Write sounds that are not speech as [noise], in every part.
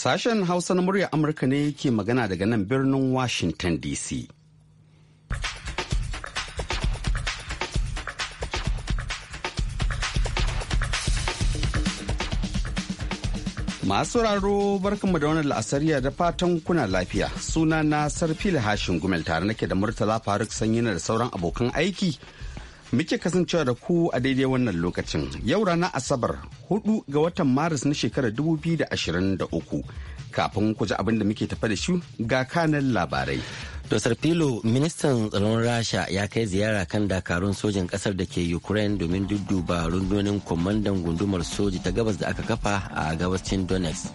Sashen Hausa na murya Amurka ne ke magana daga nan birnin Washington DC. Masu raro barkanmu da wani la'asariya da fatan kuna lafiya. Suna na Sarfila Hashin Gumel tare nake da Murtala Faruk Sanyi da sauran abokan aiki Muke kasancewa da ku a daidai wannan lokacin yau rana Asabar hudu ga watan Maris na shekarar uku kafin ku ji abin da muke tafa da shi ga kanan labarai. Dr. Filo, ministan tsaron Rasha ya kai ziyara kan dakarun sojin kasar da ke Ukraine domin dudduba rundunin kwamandan gundumar soji ta gabas da aka kafa a gabascin Donetsk.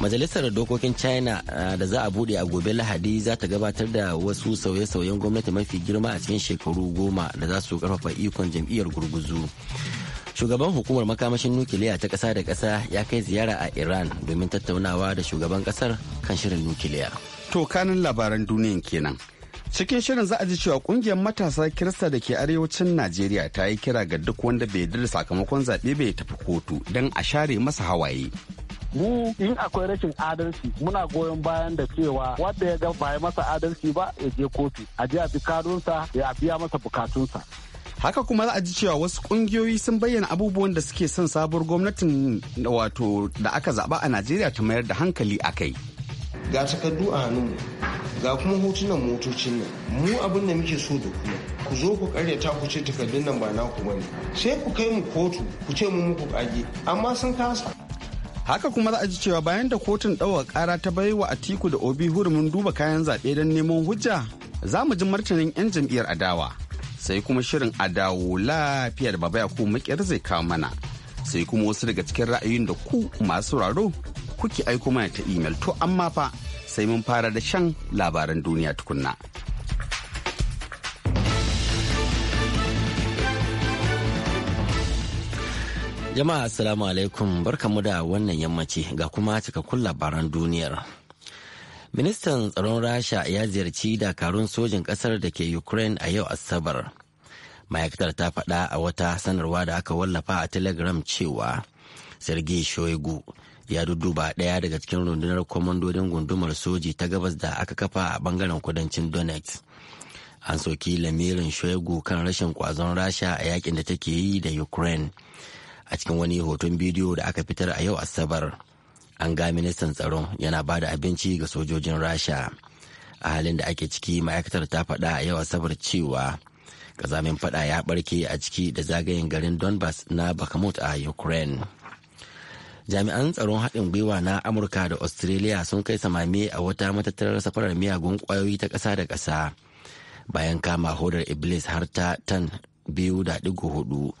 majalisar dokokin china uh, da za a bude a gobe lahadi za ta gabatar da wasu sauye-sauyen gwamnati mafi girma a cikin shekaru goma da za su karfafa ikon jam'iyyar gurguzu shugaban hukumar makamashin nukiliya ta kasa da kasa ya kai ziyara a iran domin tattaunawa da shugaban kasar kan shirin nukiliya to kanin labaran duniyan kenan cikin shirin za a ji cewa kungiyar matasa kirista da ke arewacin najeriya ta yi kira ga duk wanda bai da sakamakon zaɓe bai tafi kotu don a share masa hawaye mu in akwai rashin adalci muna goyon bayan da cewa wanda ya ga ba masa adalci ba ya je kotu a je a bi kanunsa ya biya masa bukatunsa haka kuma za a ji cewa wasu kungiyoyi sun bayyana abubuwan da suke son sabuwar gwamnatin wato da aka zaba a najeriya ta mayar da hankali a kai ga takardu a mu ga kuma hotunan motocin nan mu abin da muke so da kuma ku zo ku karyata ku ce takardun nan ba naku bane sai ku kai mu kotu ku ce mu muku kage amma sun kasa haka kuma za a ji cewa bayan da kotun ɗaukar ƙara ta bai wa atiku da obi hurumin duba kayan zaɓe don neman hujja za mu ji martanin 'yan jam'iyyar adawa sai kuma shirin adawo lafiyar baba baba ku makiyar zai kawo mana sai kuma wasu daga cikin ra'ayoyin da ku masu raro kuke aiko mana ta imel to amma fa sai mun fara da shan labaran duniya tukunna. Jama'a Assalamu alaikum barkamu da wannan yammaci ga kuma cikakkun labaran duniyar. Ministan tsaron Rasha ya ziyarci dakarun sojin kasar da ke Ukraine a yau Asabar. Ma'aikatar ta faɗa a wata sanarwa da aka wallafa a Telegram cewa Sergei Shoigu ya dudduba ɗaya daga cikin rundunar kwamandodin gundumar soji ta gabas da aka kafa a bangaren kudancin Donetsk. An soki lamirin Shoigu kan rashin kwazon Rasha a yakin da take yi da Ukraine. a cikin wani hoton bidiyo da aka fitar a yau asabar an ga ministan tsaron yana ba da abinci ga sojojin rasha a halin da ake ciki ma'aikatar ta faɗa a yau asabar cewa kazamin faɗa ya ɓarke a ciki da zagayen garin donbass na bakamut a ukraine jami'an tsaron haɗin gwiwa na amurka da australia sun kai samami a wata matattarar safarar miyagun ƙwayoyi ta ƙasa da ƙasa bayan kama hodar iblis har ta tan biyu da ɗigo hudu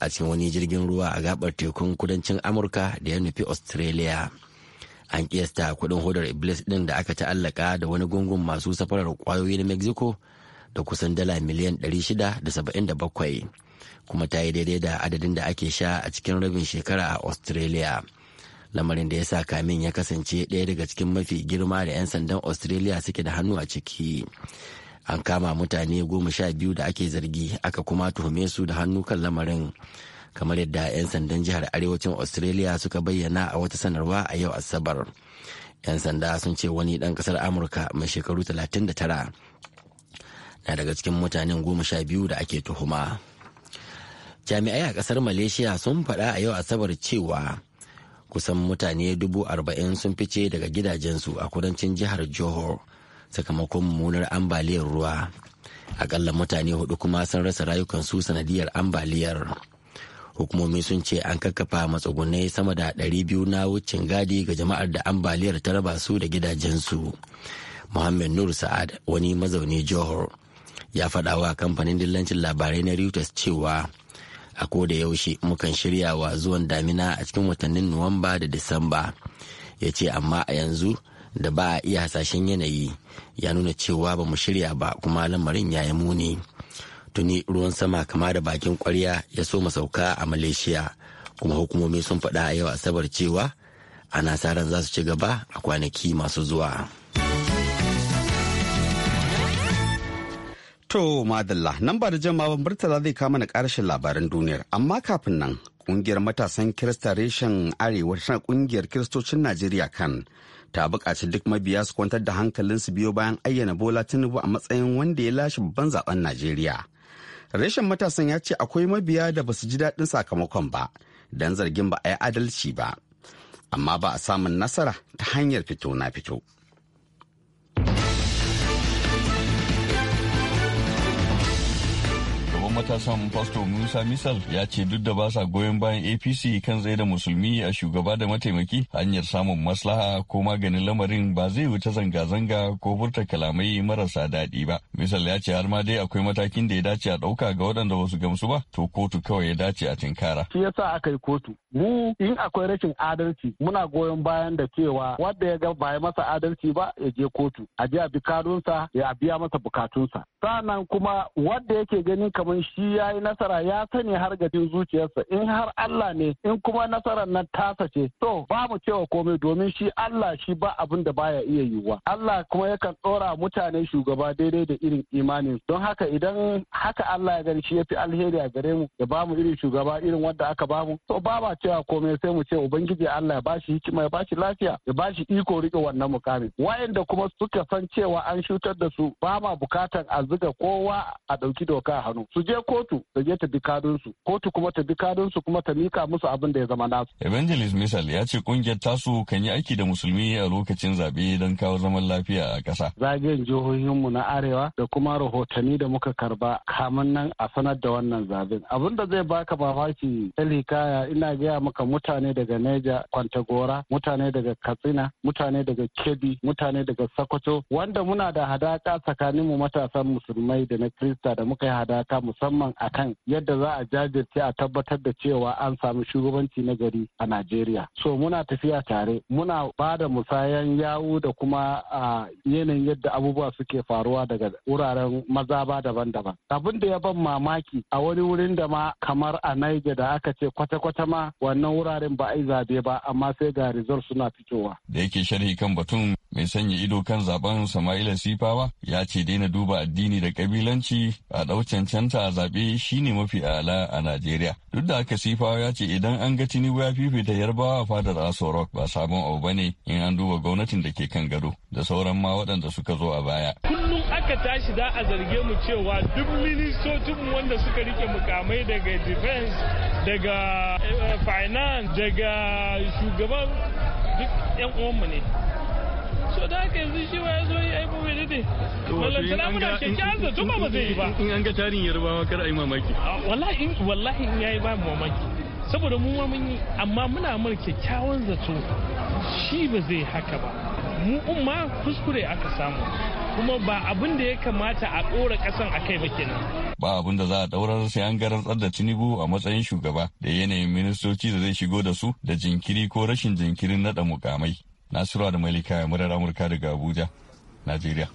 a cikin wani jirgin ruwa a gabar tekun kudancin amurka da ya nufi australia an kiyasta kudin hodar iblis din da aka ta'allaka da wani gungun masu safarar kwayoyi na mexico da kusan dala miliyan 677 kuma ta yi daidai da adadin da ake sha a cikin rabin shekara a australia lamarin da ya sa kamin ya kasance ɗaya daga cikin mafi girma da 'yan sandan australia suke da hannu a ciki an kama mutane goma sha biyu da ake zargi aka kuma tuhume su da hannu kan lamarin kamar yadda 'yan sandan jihar arewacin australia suka bayyana a wata sanarwa a yau asabar 'yan sanda sun ce wani dan kasar amurka mai shekaru talatin da tara. na daga cikin mutanen goma sha biyu da ake tuhuma jami'ai a kasar malaysia sun faɗa a yau asabar cewa kusan mutane dubu arba'in sun fice daga gidajensu a kudancin jihar johor sakamakon mummunar ambaliyar ruwa akalla mutane hudu kuma sun rasa rayukansu sanadiyar ambaliyar hukumomi sun ce an kakkafa matsugunai sama da 200 na wucin gadi ga jama'ar da ambaliyar ta raba su da gidajensu muhammad nur sa'ad wani mazauni johor ya faɗa wa kamfanin dillancin labarai na reuters cewa a ko da yaushe mukan shirya wa zuwan damina a cikin watannin nuwamba da disamba ya ce amma a yanzu da ba a iya hasashen yanayi ya nuna cewa ba mu shirya ba kuma lamarin ya yi muni tuni ruwan sama kama da bakin kwarya ya so mu sauka a malaysia kuma hukumomi sun faɗa a yau asabar cewa ana sa ran za su ci gaba a kwanaki masu zuwa to madalla nan ba da jama'a murtala zai kama na karshen labaran duniyar amma kafin nan ƙungiyar matasan kirista reshen arewa tana ƙungiyar kiristocin najeriya kan ta buƙaci duk mabiya su kwantar da hankalinsu biyo bayan ayyana bola tinubu a matsayin wanda ya lashe babban zaben najeriya reshen matasan ya ce akwai mabiya da ba su ji daɗin sakamakon ba don zargin ba a yi adalci ba amma ba a samun nasara ta hanyar fito na fito. matasan pastor Musa Misal ya ce duk da ba sa goyon bayan APC kan zai da musulmi a shugaba da mataimaki hanyar samun maslaha ko maganin lamarin ba zai wuce zanga-zanga ko furta kalamai marasa daɗi ba. Misal ya ce har ma dai akwai matakin da ya dace a ɗauka ga waɗanda ba gamsu ba to kotu kawai ya dace a tinkara. Shi yasa aka yi kotu. Mu in akwai rashin adalci muna goyon bayan da cewa wanda ya ga ba masa adalci ba ya je kotu a je a bi kadunsa ya biya masa bukatunsa. Sa'annan kuma wanda yake ganin kamar shi ya yi nasara ya sani har gajin zuciyarsa in har Allah ne in kuma nasarar nan tasa ce to ba mu cewa komai domin shi Allah shi ba abin da baya iya yiwuwa Allah kuma yakan tsora mutane shugaba daidai da irin imanin don haka idan haka Allah ya gani shi ya fi alheri a gare mu ya ba mu irin shugaba irin wanda aka ba mu to ba ba cewa komai sai mu ce ubangiji Allah ya ba shi hikima ya ba shi lafiya ya ba shi iko rike wannan mukamin wayanda kuma suka san cewa an shutar da su ba ma bukatan a zuga kowa a ɗauki doka a hannu su je je kotu da je ta bi kadunsu kotu kuma ta bi kadunsu kuma ta mika musu abin da ya zama nasu. evangelist misal ya ce kungiyar tasu kan yi aiki da musulmi a lokacin zaɓe don kawo zaman lafiya a ƙasa. zagayen jihohinmu na arewa da kuma rahotanni da muka karba kamun nan a sanar da wannan zaben abin da zai baka mamaki hikaya ina gaya maka mutane daga neja kwantagora mutane daga katsina mutane daga kebbi mutane daga sokoto wanda muna da hadaka tsakaninmu matasan musulmai da na krista da muka yi hadaka musamman musamman kan yadda za a jajirce a tabbatar da cewa an samu shugabanci na gari a Najeriya. So muna tafiya tare, muna ba da musayan yawu da kuma a yanayin yadda abubuwa suke faruwa daga wuraren maza mazaba daban-daban. Abin da ya ban mamaki a wani wurin da ma kamar a Niger da aka ce kwata-kwata ma wannan wuraren ba a yi zabe ba amma sai ga result suna fitowa. Da yake sharhi kan batun mai sanya ido kan zaben Sama'ila Sifawa ya ce daina duba addini da kabilanci a ɗau cancanta zaɓe shine mafi ala a Najeriya. Duk da aka Sifawa ya ce idan an ga Tinubu ya fifita Yarbawa fadar Aso Rock ba sabon abu bane in an duba gwamnatin da ke kan gado da sauran ma waɗanda suka zo a baya. Kullum aka tashi za a zarge mu cewa duk mu wanda suka rike mukamai daga defense daga eh, eh, finance daga shugaban duk 'yan uwanmu ne. so da haka yanzu shi ma ya zo ya aiko mai dade muna kyakkyawan zato ba zai yi ba in an ga tarin yarbawa kar a yi mamaki wallahi wallahi in yayi ba mamaki saboda mu mun yi amma muna mun kyakkyawan zato shi ba zai haka ba mu umma kuskure aka samu kuma ba abin da ya kamata a ɗora ƙasan a kai ba kenan. Ba abin da za a ɗaurar sai an ga rantsar da Tinubu a matsayin shugaba da yanayin ministoci da zai shigo da su da jinkiri ko rashin jinkirin naɗa mukamai. Nasiru da Malika murar Amurka daga Abuja, Najeriya.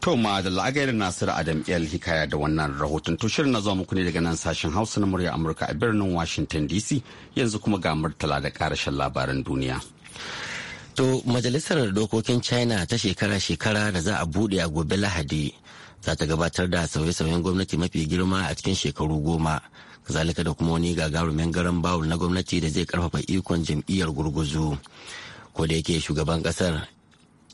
To ma da la'agairin Nasiru Adam El Hikaya da wannan rahoton to na zuwa muku ne daga nan sashen Hausa na murya Amurka a birnin Washington DC yanzu kuma ga murtala da karashen labaran duniya. To majalisar dokokin China ta shekara-shekara da za a bude a gobe Lahadi za ta gabatar da sauye-sauyen gwamnati mafi girma a cikin shekaru goma. Kazalika da kuma wani gagarumin garan bawul na gwamnati da zai karfafa ikon jam'iyyar gurguzu. ko da yake shugaban kasar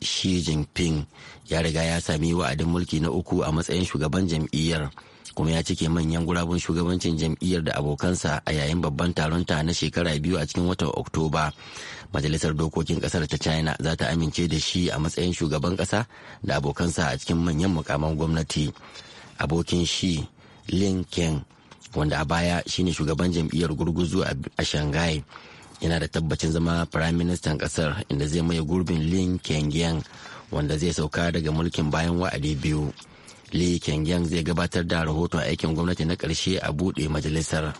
Xi Jinping ya riga ya sami wa'adin mulki na uku a matsayin shugaban jam'iyyar kuma ya cike manyan gurabun shugabancin jam'iyyar da abokansa a yayin babban taron ta na shekara biyu a cikin watan Oktoba. Majalisar dokokin kasar ta China za ta amince da shi a matsayin shugaban kasa da abokansa a cikin manyan mukaman gwamnati. Abokin shi Lin Keng wanda a baya shine shugaban jam'iyyar gurguzu a Shanghai. yana da tabbacin zama firaministan kasar inda zai maye gurbin lin kengyang wanda zai sauka daga mulkin bayan wa'adi biyu li kengyang zai gabatar da rahoton aikin gwamnati na karshe a buɗe majalisar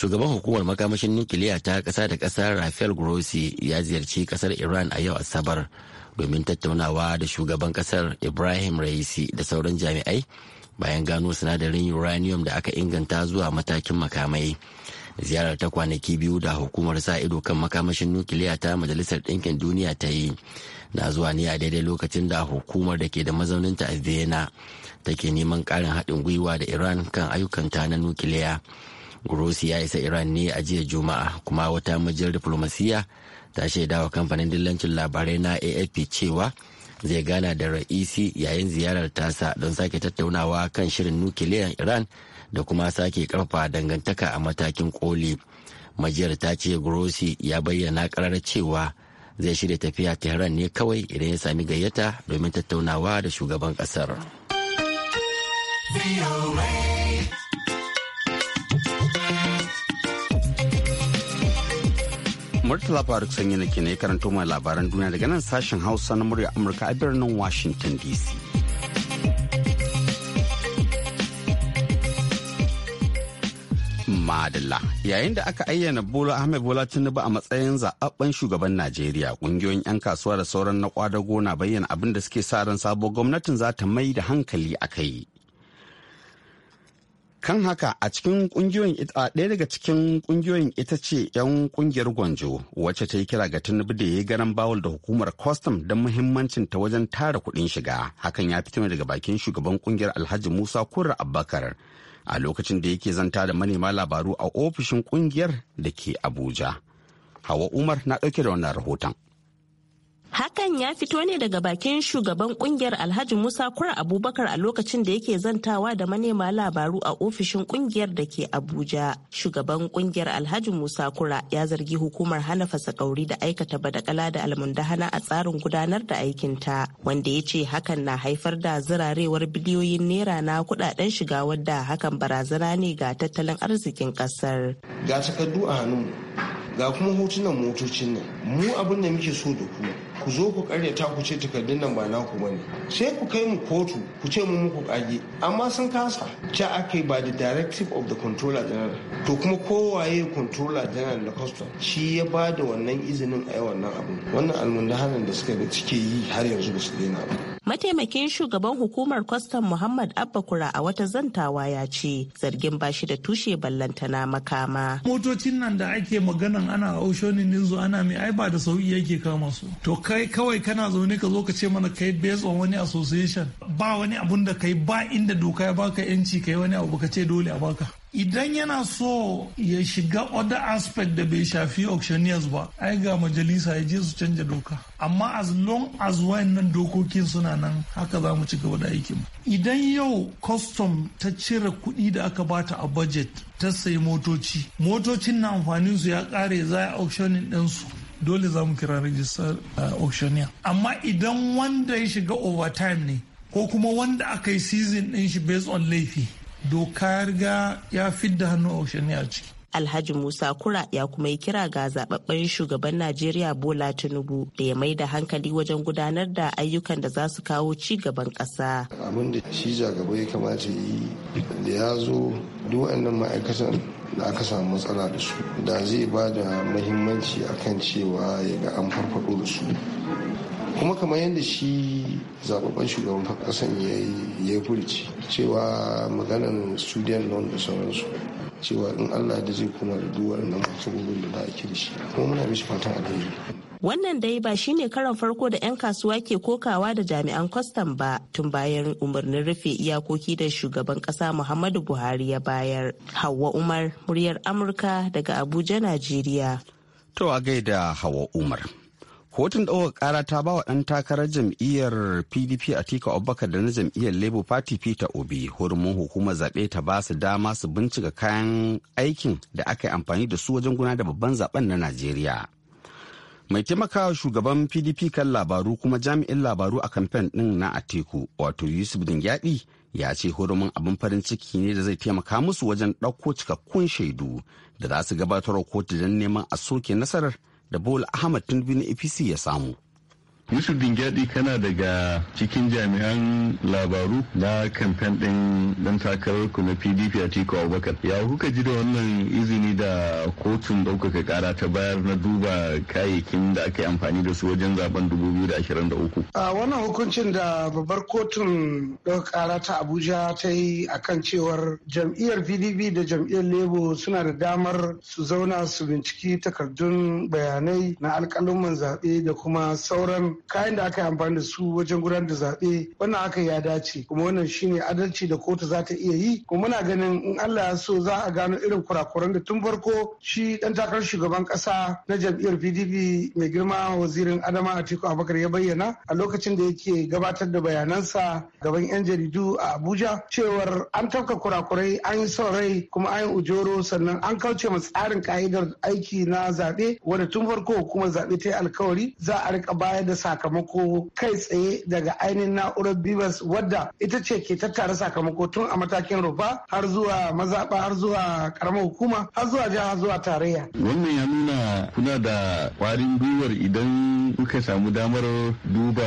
shugaban hukumar makamashin nukiliya ta ƙasa da ƙasa rafael grossi ya ziyarci ƙasar iran a yau asabar domin tattaunawa da shugaban ƙasar ibrahim raisi da sauran jami'ai bayan gano sinadarin uranium da aka inganta zuwa matakin makamai ziyarar ta kwanaki biyu da hukumar sa ido kan makamashin nukiliya ta majalisar ɗinkin duniya ta yi na zuwa ne a daidai lokacin da hukumar da ke da mazauninta a vienna take neman ƙarin haɗin gwiwa da iran kan ayyukanta na nukiliya grossi ya isa iran ne a jiya juma'a kuma wata majiyar diflomasiyya ta shaidawa kamfanin dillancin labarai na afp cewa zai gana da ra'isi yayin ziyarar tasa don sake tattaunawa kan shirin nukiliyan iran da kuma sake karfa dangantaka a matakin koli majiyar ta ce grossi ya bayyana karar cewa zai shirya tafiya tehran ne kawai idan ya sami gayyata domin tattaunawa da shugaban kasar Murtala Faruk sanyi na ne karanto mai labaran duniya daga nan sashen Hausa na murya Amurka a birnin Washington DC. Madalla. Yayin da aka ayyana Bola Ahmed Bola Tinubu a matsayin zaɓaɓɓen shugaban Najeriya, ƙungiyoyin 'yan kasuwa da sauran na kwadago na bayyana abin da suke sa ran sabo gwamnatin za ta mai da hankali a kai. Kan haka a cikin ƙungiyoyin ita ɗaya daga cikin ƙungiyoyin ita ce 'yan ƙungiyar Gwanjo wacce ta yi kira ga Tinubu da ya yi garan bawul da hukumar kwastam don muhimmancin ta wajen tara kuɗin shiga. Hakan ya fito daga bakin shugaban ƙungiyar Alhaji Musa Kurra Abubakar. a lokacin da yake zanta da manema labaru a ofishin kungiyar da ke abuja hawa umar na ɗauke da wannan rahoton Hakan ya fito ne daga bakin shugaban kungiyar Alhaji Musa Kura Abubakar a lokacin da yake zantawa da manema labaru a ofishin kungiyar da ke Abuja. Shugaban kungiyar Alhaji Musa Kura ya zargi hukumar hana fasakauri da aikata badakala da almundahana a tsarin gudanar da aikinta, wanda ya ce hakan na haifar da zirarewar biliyoyin naira na kudaden shiga wadda hakan barazana ne ga tattalin arzikin kasar. Ga takardu a hannu, ga kuma hotunan motocin nan, mu abin da muke so da ku ku zo ku karyata ku ce takardun nan ba naku bane sai ku kai mu kotu ku ce mu muku kage amma sun kasa Ta aka yi ba the directive of the controller general to kuma kowaye controller general da custom shi ya ba da wannan izinin a yi wannan abu wannan almundahanan da suka ga suke yi har yanzu ba su daina ba mataimakin shugaban hukumar kwastam muhammad abba kura a wata zantawa ya ce zargin bashi da tushe ballantana makama motocin nan da ake maganan ana aushonin ninzu ana mai ai ba da sauki yake kama su to kai kawai kana zaune ka zo ka ce mana kai based on wani association ba wani abun da kai ba inda doka ya baka yanci kai wani abu ka ce dole a baka idan yana so ya shiga other aspect da bai shafi auctioneers ba ai ga majalisa ya je su canja doka amma as long as wayannan dokokin suna nan haka za mu ci gaba da aikin idan yau custom ta cire kuɗi da aka bata a budget ta sayi motoci motocin na amfanin su ya kare za a auctioning su dole za mu kira rajistar uh, auctioneer amma idan wanda ya shiga overtime ne ko kuma wanda aka yi season din shi based on laifi doka ya riga ya fidda hannu ocean a ciki Alhaji Musa Kura ya kuma yi kira ga zababben shugaban Najeriya Bola Tinubu da ya mai da hankali wajen gudanar da ayyukan da za su kawo ci gaban ƙasa. Abin da shi zagaba ya kamata yi da ya zo duk ma'aikatan da aka samu matsala da su da zai ba da mahimmanci akan cewa ya ga an farfaɗo da su. kuma kamar yadda shi zababban shugaban kasan ya yi furci cewa maganan student loan da sauransu cewa in allah da zai kuma da duwar nan matsalolin da ake da shi kuma muna mishi fatan alheri wannan dai ba shine karan farko da 'yan kasuwa ke kokawa da jami'an kwastam ba tun bayan umarnin rufe iyakoki da shugaban kasa muhammadu buhari ya bayar hawa umar muryar amurka daga abuja najeriya to a gaida hawa umar kotun ɗaukar ƙara ta ba wa ɗan takarar jam'iyyar pdp a tika abubakar da na jam'iyyar labour party peter obi hurumin hukumar zaɓe ta ba su dama su bincika kayan aikin da aka yi amfani da su wajen guna da babban zaben na najeriya mai taimakawa shugaban pdp kan labaru kuma jami'in labaru a kamfen ɗin na atiku wato yusuf dingyadi ya ce hurumin abin farin ciki ne da zai taimaka musu wajen ɗauko cikakkun shaidu da za su gabatar kotu don neman a soke nasarar da Bola Ahmad Tinubu na APC ya samu. Yusuf Dingyadi kana daga cikin jami'an labaru na kamfen ɗin ɗan ku na PDP a Tiko Abubakar. Ya kuka ji da wannan izini da kotun ɗaukaka ƙara ta bayar na duba kayayyakin da aka yi amfani da su wajen zaben 2023? A wannan hukuncin da babbar kotun ɗaukaka ƙara ta Abuja ta yi akan cewar jam'iyyar PDP da jam'iyyar Lebo suna da damar su zauna su binciki takardun bayanai na alƙaluman zaɓe da kuma sauran kayan da aka yi amfani da su wajen gudanar da zaɓe wannan aka ya dace kuma wannan shine adalci da kotu za ta iya yi kuma muna ganin in Allah ya so za a gano irin kurakuran da tun farko shi dan takarar shugaban ƙasa na jam'iyyar PDP mai girma wazirin Adama Atiku Abubakar ya bayyana a lokacin da yake gabatar da bayanansa gaban 'yan jaridu a Abuja cewar an tafka kurakurai an yi son rai kuma an yi ujoro sannan an kauce ma tsarin ka'idar aiki na zaɓe wanda tun farko kuma zaɓe ta yi alkawari za a rika bayar da sakamako kai tsaye daga ainihin na'urar bibas wadda ita ce ke tattara sakamako tun a matakin rufa har zuwa mazaɓa har zuwa karamar hukuma har zuwa jiha zuwa tarayya. wannan ya nuna kuna da kwarin gwiwar idan kuka samu damar duba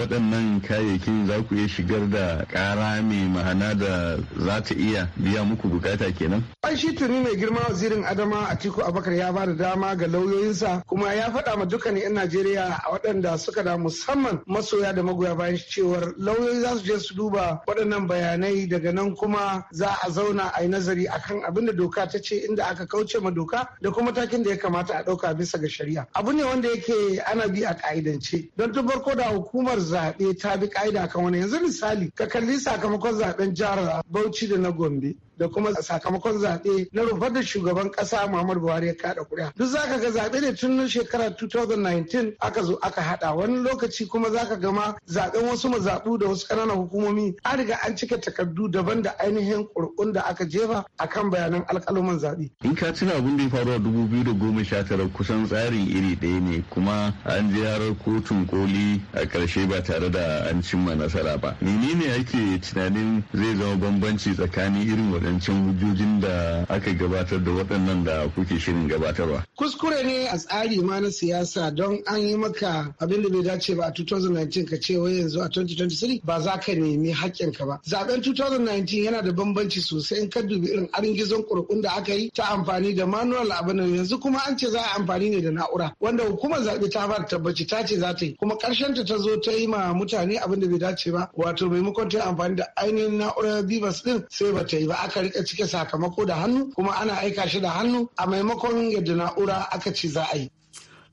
waɗannan kayayyakin za ku iya shigar da ƙara mai ma'ana da za ta iya biya muku bukata kenan. ai shi tuni mai girma wazirin adama atiku abakar ya ba da dama ga lauyoyinsa kuma ya faɗa ma dukkanin 'yan najeriya a waɗanda suka kada musamman masoya da magoya bayan cewar lauyoyi za su je su duba waɗannan bayanai daga nan kuma za a zauna a yi nazari akan abin da doka ta ce inda aka kauce ma doka da kuma takin da ya kamata a ɗauka bisa ga shari'a abu ne wanda yake ana bi a ka'idance don tun farko da hukumar zaɓe ta bi ka'ida kan wani yanzu misali ka kalli sakamakon zaɓen jihar Bauchi da na Gombe da kuma sakamakon zaɓe na rufar da shugaban ƙasa Muhammadu Buhari ya kaɗa kuri'a. Duk za ka ga zaɓe ne tun shekarar 2019 aka zo aka haɗa wani lokaci kuma za ka gama zaɓen wasu mazaɓu da wasu ƙananan hukumomi an riga an cika takardu daban da ainihin ƙurƙun da aka jefa akan bayanan alƙaluman zaɓe. In ka tuna abin da ya faru a 2019 kusan tsarin iri ɗaya ne kuma an je kotun koli a ƙarshe ba tare da an cimma nasara ba. Menene ake tunanin zai zama bambanci tsakanin irin waɗannan wadancan hujjojin da aka gabatar da waɗannan da kuke shirin gabatarwa. Kuskure ne a tsari ma na siyasa don an yi maka abin da bai dace ba a 2019 ka ce wai yanzu a 2023 ba za ka nemi ka ba. Zaben 2019 yana da bambanci sosai in ka dubi irin gizon kurkun da aka yi ta amfani da manual abin nan yanzu kuma an ce za a amfani ne da na'ura wanda hukumar zaɓe ta fara tabbaci ta ce za ta yi kuma ƙarshen ta zo ta yi ma mutane abin da bai dace ba wato maimakon ta amfani da ainihin na'urar bibas din sai ba ta yi ba aka aka rika cike sakamako da hannu kuma ana aika shi da hannu a maimakon yadda na'ura aka ce za a yi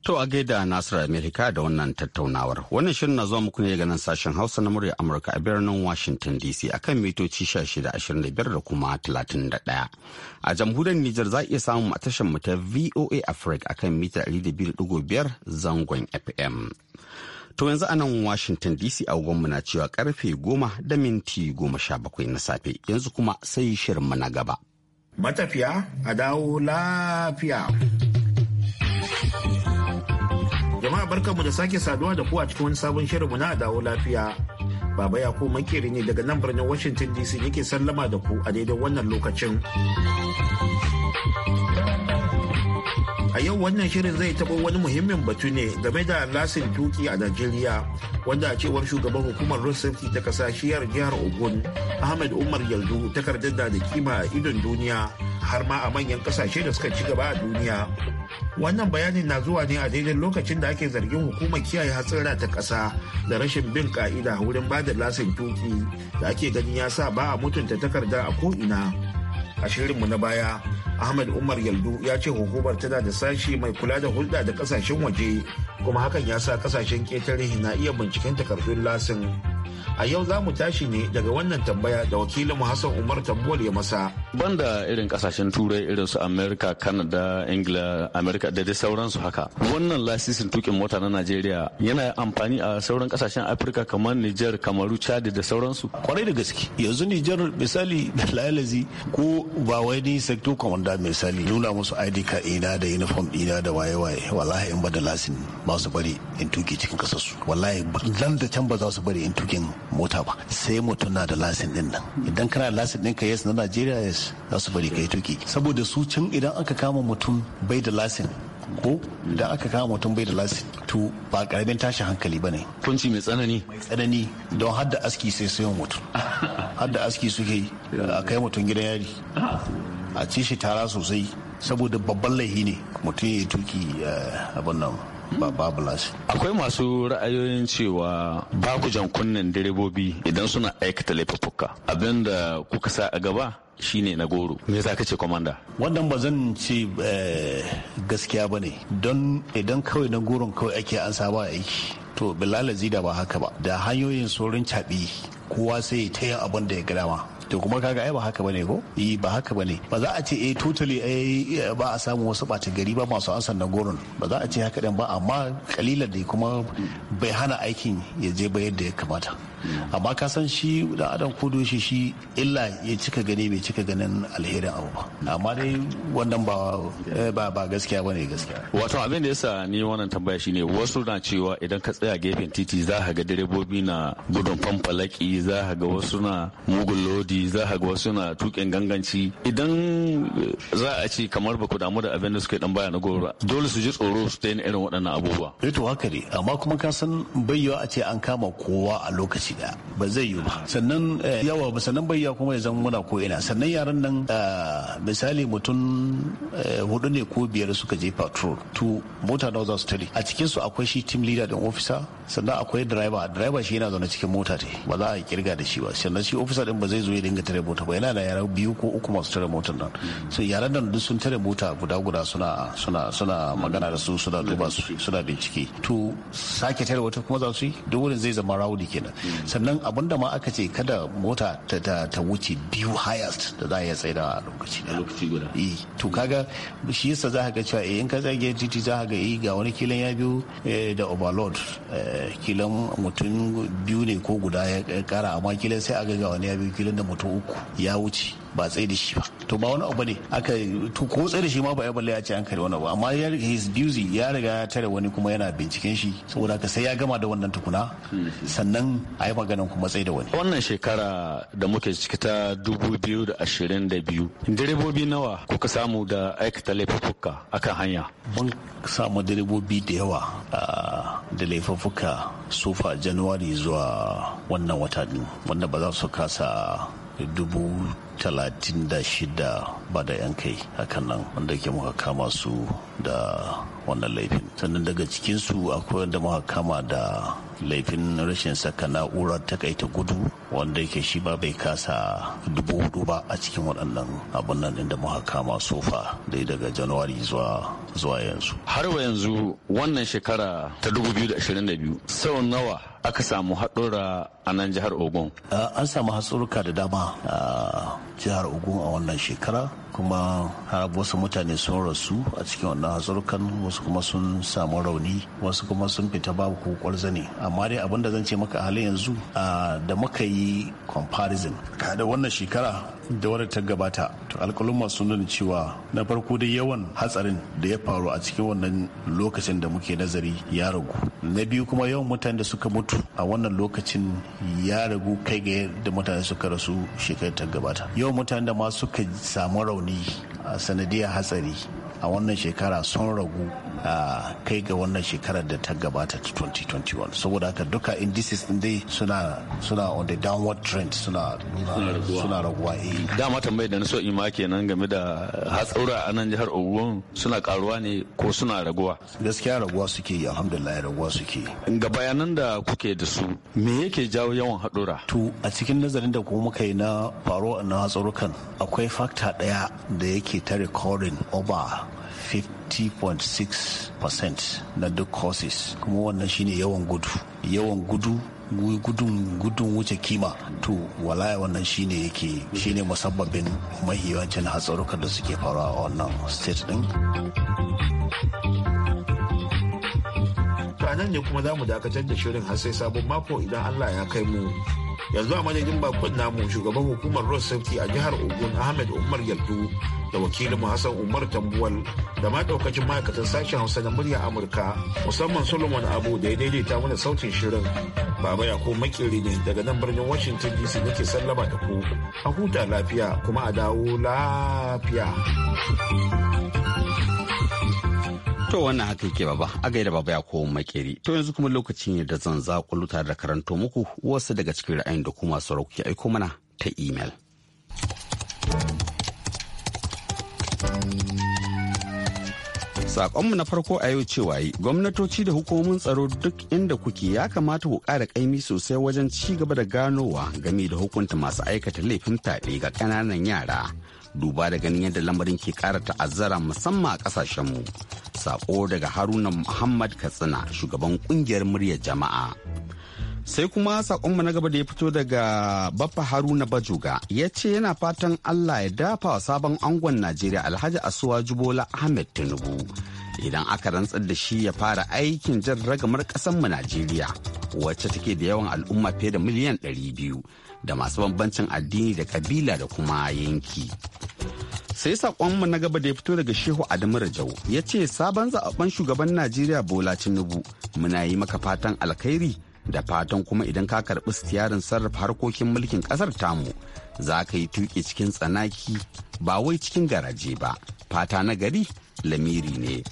To a gaida Nasiru Amerika da wannan tattaunawar. Wannan shirin na zuwa muku ne daga nan sashen Hausa na murya Amurka a birnin Washington DC akan mitoci 1625 da kuma 31. A jamhuriyar Nijar za a iya samun a tashar mu ta VOA Africa akan mita 200.5 zangon FM. To yanzu a nan Washington DC agogonmu na cewa karfe goma da minti goma sha bakwai na safe yanzu kuma sai shirinmu na gaba. Matafiya a dawo lafiya. Jama'a barkanmu da sake saduwa da ku a cikin wani sabon shirinmu na dawo lafiya. Baba ya makeri ne daga nan birnin Washington DC yake sallama da ku a daidai wannan lokacin. A yau wannan shirin zai taɓa wani muhimmin batu ne game da lasin tuki a Najeriya wanda a cewar shugaban hukumar Rosafety ta shiyar jihar Ogun Ahmed Umar yanzu takardar da da kima a idon duniya har ma a manyan kasashe da suka ci gaba a duniya. Wannan bayanin na zuwa ne a daidai lokacin da ake zargin hukumar kiyaye hatsara ta ƙasa da rashin bin ka'ida wurin ba da lasin tuki da ake ganin ya sa ba a mutunta takarda a ko'ina. a shirinmu na baya ahmed umar yaldu ya ce hukumar tana da sashi mai kula da hulɗa da kasashen waje kuma hakan ya sa kasashen ƙetare na iya binciken takardun lasin a yau za mu tashi ne daga wannan tambaya da wakilin hassan umar tambol ya masa banda irin kasashen turai irin su america canada ingila america da dai sauransu haka wannan lasisin tukin mota na najeriya yana amfani a sauran kasashen afirka kamar niger kamaru chad da sauransu kwarai da gaske yanzu niger misali lalazi ko ba ni sector commander misali nuna musu id card ina da uniform ina da waye-waye wallahi in ba da lasin ba su bari in tuki cikin kasarsu wallahi nan da can ba za su bari in tukin mota ba sai mutum na da lasin din nan idan kana da lasin ka yes na najeriya yes za su bari kai tuki saboda su can idan aka kama mutum bai da lasin ko idan aka kama mutum bai da lasin to ba karamin tashin hankali ba ne kunci mai tsanani mai tsanani don hadda aski sai sayan mutum [laughs] hadda aski suke a kai mutum gidan yari a ci shi tara sosai saboda babban laifi ne mutum ya tuki eh, abin nan ba babu lashe. akwai masu ra'ayoyin cewa ba ku jan kunnen direbobi idan suna aikata laifuffuka abinda kuka sa a gaba shine na goro me za ka ce komanda wannan ba zan ce eh, gaskiya ba ne don idan kawai na goron kawai ake an saba aiki to bilalazi da ba haka ba da hanyoyin saurin caɓi kowa sai ta yin abin da ya gada ma to kuma kaga ai ba haka bane ko eh ba haka bane ba za a ce eh totally eh ba a samu wasu bata gari ba masu an sandan goron ba za a ce haka din ba amma kalilan da kuma bai hana aikin ya je ba yadda ya kamata amma ka san shi da adam kudo shi shi illa ya cika gani bai cika ganin alherin abu ba amma dai wannan ba eh, ba ba gaskiya bane gaskiya wato abin da yasa ni wannan tambaya shine wasu na cewa idan ka tsaya gefen titi za ka ga direbobi na gudun famfalaki za ka ga wasu na mugun lodi za a ga wasu na tukin ganganci idan eh, za a ce kamar ba ku damu da abin da suke dan baya na goro dole su ji tsoro su daina irin waɗannan abubuwa eh to haka ne amma kuma ka san bayyawa a ce an kama kowa a lokaci da ba zai yi ba sannan eh, yawa ba sannan bayyawa kuma ya zama muna ko ina sannan yaran nan eh, misali mutum hudu ne ko biyar suka je patrol to mota nawa za su tare a cikin su akwai shi team leader din officer sannan akwai driver driver shi yana zaune cikin mota ce ba za a kirga da shi ba sannan shi officer din ba zai zo ya dinga tare mota ba yana da yara biyu ko uku masu tare motar nan so yaran nan duk sun tare mota guda guda suna suna suna magana da su suna duba su suna bincike to sake tare wata kuma za su yi duk wurin zai zama rawudi kenan sannan abin da ma aka ce kada mota ta ta wuce biyu highest da za a tsaya a lokaci a lokaci guda eh to kaga shi yasa za ka ga cewa eh in ka zage titi za ka ga eh ga wani kilan ya biyu eh, da overload eh, kilan mutum biyu ne ko guda ya kara amma kilan sai a ga ga wani ya biyu kilan da mutum mutum uku ya wuce ba tsaye da shi ba to ba wani abu ne aka to ko tsaye da shi ma ba ya balle ya ce an kare wani ba amma ya his busy ya riga ya tare wani kuma yana binciken shi saboda haka sai ya gama da wannan tukuna sannan a yi maganin kuma tsaye da wani wannan shekara da muke ciki ta biyu direbobi nawa kuka samu da aikata laifuffuka akan hanya mun samu direbobi da yawa ah, da laifuffuka sofa januwari zuwa wannan wata wanda ba za su kasa dubu da shida ba da yan kai hakan nan wanda ke muka kama su da wannan laifin sannan daga cikinsu akwai wanda muka kama da laifin rashin saka na'urar takaita gudu wanda yake shi ba bai kasa dubu hudu ba a cikin waɗannan abun nan inda muka kama sofa dai daga januwari zuwa zuwa yanzu har wa yanzu wannan shekara ta 2022 sau nawa aka samu haɗura a nan jihar ogun an samu hatsuruka da dama a jihar ogun a wannan shekara kuma har wasu mutane sun rasu a cikin wannan hatsurkan wasu kuma sun samu rauni wasu kuma sun fita babu kwarza ne amma dai abin da zan ce maka halin yanzu da muka yi comparison da wannan shekara da wadda ta gabata to alkaluma sun nuna cewa na farko da yawan hatsarin da ya faru a cikin wannan lokacin da muke nazari ya ragu na biyu kuma yawan mutane da suka mutu a wannan lokacin ya ragu kai ga yadda mutane suka rasu shekarar ta gabata yau mutane da ma suka samu rauni a sanadiyar hatsari a wannan shekara sun ragu a kai ga wannan shekarar da ta gabata ta 2021 saboda haka duka indices din dai suna suna on the downward trend suna suna raguwa eh dama tambayar da na so in ma kenan game da hatsaura a nan jihar Ogun suna karuwa ne ko suna raguwa gaskiya raguwa suke alhamdulillah raguwa suke ga bayanan da kuke da su me yake jawo yawan hadura to a cikin nazarin da kuma muka yi na faro na hatsarukan akwai factor daya da yake ta recording over 50.6% na duk courses kuma wannan shine yawan gudu yawan gudu gudun gudun wuce kima to walaya wannan shine yake shine musabbabin mahiyancin hatsarukan da suke faruwa a wannan state din a nan ne kuma za mu dakatar da shirin har sai sabon mako idan Allah ya kai mu. Yanzu a madadin bakon namu shugaban hukumar road safety a jihar Ogun Ahmed Umar Yaldu da wakilin Hassan Umar Tambuwal da ma daukacin ma'aikatan sashen Hausa na murya Amurka musamman Solomon Abu da ya daidaita mana sautin shirin. Baba Yakubu Makeri ne daga nan birnin Washington DC nake sallama da ku. A huta lafiya kuma a dawo lafiya. To wannan haka yake baba, a gaida baba ya kowa makeri. To yanzu kuma lokacin ne da zan zaƙulu tare da karanto muku wasu daga cikin ra'ayin da kuma sauraro ke aiko mana ta imel. Sakonmu na farko a yau cewa yi gwamnatoci da hukumomin tsaro duk inda kuke ya kamata ku ƙara ƙaimi sosai wajen ci gaba da ganowa game da hukunta masu aikata laifin fyaɗe ga ƙananan yara duba da ganin yadda lamarin ke kara ta'azzara musamman a kasashenmu sako daga haruna muhammad katsina shugaban kungiyar muryar jama'a sai kuma sakonmu na gaba da ya fito daga baffa haruna bajoga ya ce yana fatan allah ya dafa wa sabon angon najeriya alhaji asuwa jubola ahmed tinubu idan aka rantsar da shi ya fara aikin jan ragamar mu najeriya wacce take da yawan al'umma fiye da miliyan 200 da masu bambancin addini da kabila da kuma yanki. sai saƙonmu na gaba da ya fito daga shehu adamu rajau ya ce sabon zaɓen shugaban najeriya bola tinubu muna yi maka fatan alkhairi da fatan kuma idan ka karɓi siyarin sarrafa harkokin mulkin ƙasar tamu za ka yi tuƙi cikin tsanaki ba wai cikin garaje ba fata na gari lamiri ne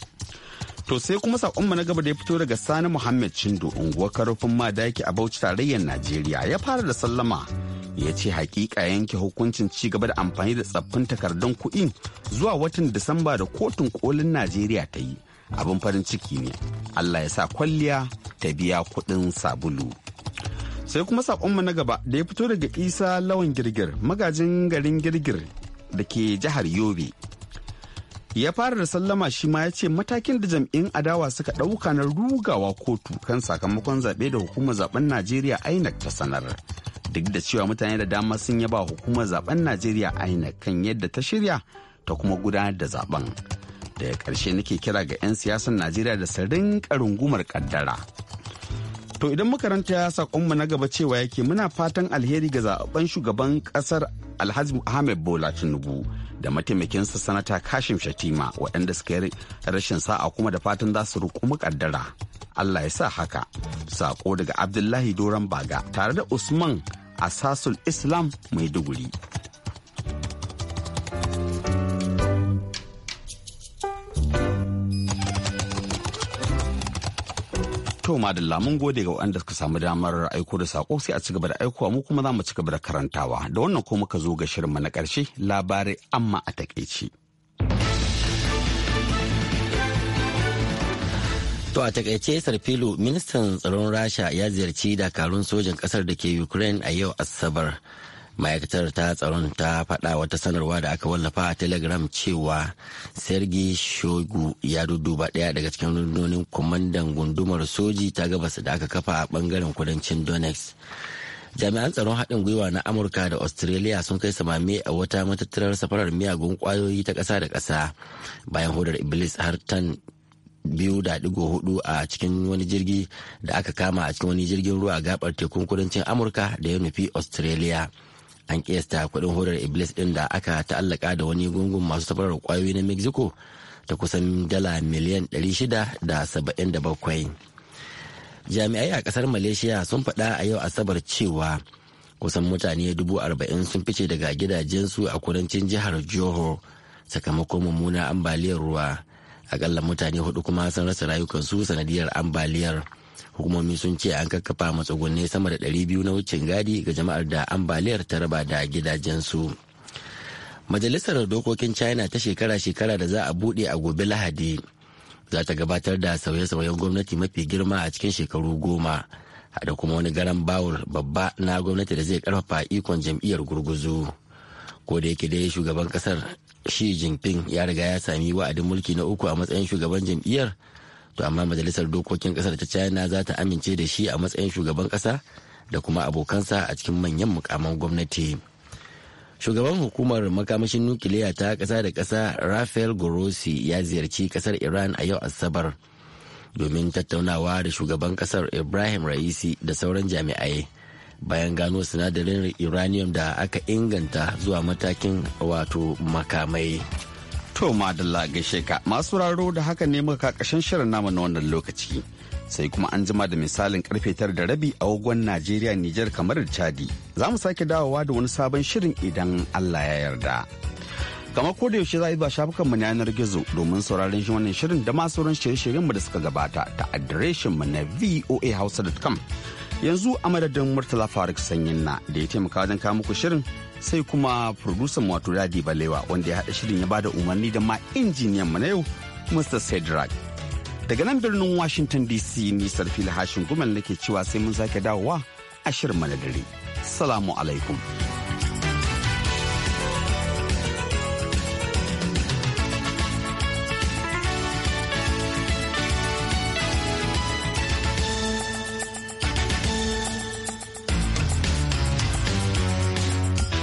To sai kuma sakonmu na gaba da ya fito daga Sani Muhammad Chindo unguwar karfin madaki a Bauchi tarayyar Najeriya ya fara da sallama ya ce hakika yanke hukuncin ci gaba da amfani da tsaffin takardun kuɗi zuwa watan Disamba da kotun kolin Najeriya ta yi abin farin ciki ne Allah ya sa kwalliya ta biya kuɗin sabulu. Sai kuma sakonmu na gaba da ya fito daga Isa Lawan Girgir magajin garin Girgir da ke jihar Yobe ya fara da sallama shi ma ya ce matakin da jam'in adawa suka ɗauka na rugawa kotu kan sakamakon zaɓe da hukumar zaben najeriya inec ta sanar duk da cewa mutane da dama sun yaba hukumar zaben najeriya inec kan yadda ta shirya ta kuma gudanar da zaben ya ƙarshe nake kira ga 'yan siyasar najeriya da su rinka rungumar kaddara To idan makaranta ya sakonmu na gaba cewa yake muna fatan alheri ga zaɓen shugaban ƙasar Alhaji Ahmed Bola Tinubu da mataimakinsa sanata Kashim Shatima waɗanda suka yi rashin sa'a kuma da fatan za su riƙo muƙaddara. Allah ya sa haka. saƙo daga Abdullahi Doron Baga tare da Usman Asasul Islam Maiduguri. To madalla mun gode ga waɗanda suka samu damar aiko da sako sai a ci gaba da aikowa mu kuma za mu ci gaba da karantawa da wannan ko muka zo ga shirinmu na ƙarshe labarai amma a takaici. To a takaice Sarfilu ministan tsaron Rasha ya ziyarci dakarun sojan ƙasar da ke Ukraine a yau Asabar. ma'aikatar ta tsaron ta faɗa wata sanarwa da aka wallafa a telegram cewa sergi shogu ya duduba ɗaya daga cikin rundunonin kwamandan gundumar soji ta gabas da aka kafa a ɓangaren kudancin donetsk jami'an tsaron haɗin gwiwa na amurka da australia sun kai samame a wata matattarar safarar miyagun kwayoyi ta kasa da kasa bayan hudar iblis har tan biyu da digo hudu a cikin wani jirgi da aka kama a cikin wani jirgin ruwa gabar tekun kudancin amurka da ya nufi australia an kiyasta kuɗin horar iblis ɗin da aka ta'allaka da wani gungun masu tafarar kwayoyi na mexico ta kusan dala miliyan 677 jami'ai a kasar malaysia sun faɗa a yau asabar cewa kusan mutane 40,000 sun fice daga gidajensu a kudancin jihar johor sakamakon mummunar ambaliyar ruwa akalla mutane hudu kuma sun rasa rayukansu sanadiyar ambaliyar hukumomi sun ce an kakkafa matsugunne sama da 200 na wucin gadi ga jama'ar da ambaliyar ta raba da gidajensu majalisar dokokin china ta shekara-shekara da za a buɗe a gobe lahadi za ta gabatar da sauye-sauyen gwamnati mafi girma a cikin shekaru goma da kuma wani garan bawul babba na gwamnati da zai karfafa ikon jam'iyyar gurguzu ko da yake dai shugaban kasar shi jinping ya riga ya sami wa'adin mulki na uku a matsayin shugaban jam'iyyar to amma majalisar dokokin kasar ta china za ta amince da shi a matsayin shugaban kasa da kuma abokansa a cikin manyan mukaman gwamnati shugaban hukumar makamashin nukiliya ta kasa da kasa rafael gorosi ya ziyarci kasar iran a yau asabar domin tattaunawa da shugaban kasar ibrahim raisi da sauran jami'ai bayan gano sinadarin uranium da aka inganta zuwa matakin wato makamai. To madalla gaishe ka masu raro da haka ne muka kakashin shirin namu na wannan lokaci. Sai kuma an jima da misalin karfe tara da rabi a wagon Najeriya Nijar kamar da Chadi. Za mu sake dawowa da wani sabon shirin idan Allah ya yarda. Kamar ko da yaushe za a ba shafukan mu na yanar gizo domin sauraron shi wannan shirin da masu sauran shirye-shiryen mu da suka gabata ta adireshin mu na voahausa.com yanzu a madadin murtala faruk sanyin na da ya taimaka wajen kawo muku shirin sai kuma produsan wato dadi balewa wanda ya haɗa shirin ya bada umarni da ma injiniyan mu na yau mr cedric daga nan birnin washington dc ni sarfi hashin gumel nake cewa sai mun sake dawowa a shirin na dare salamu alaikum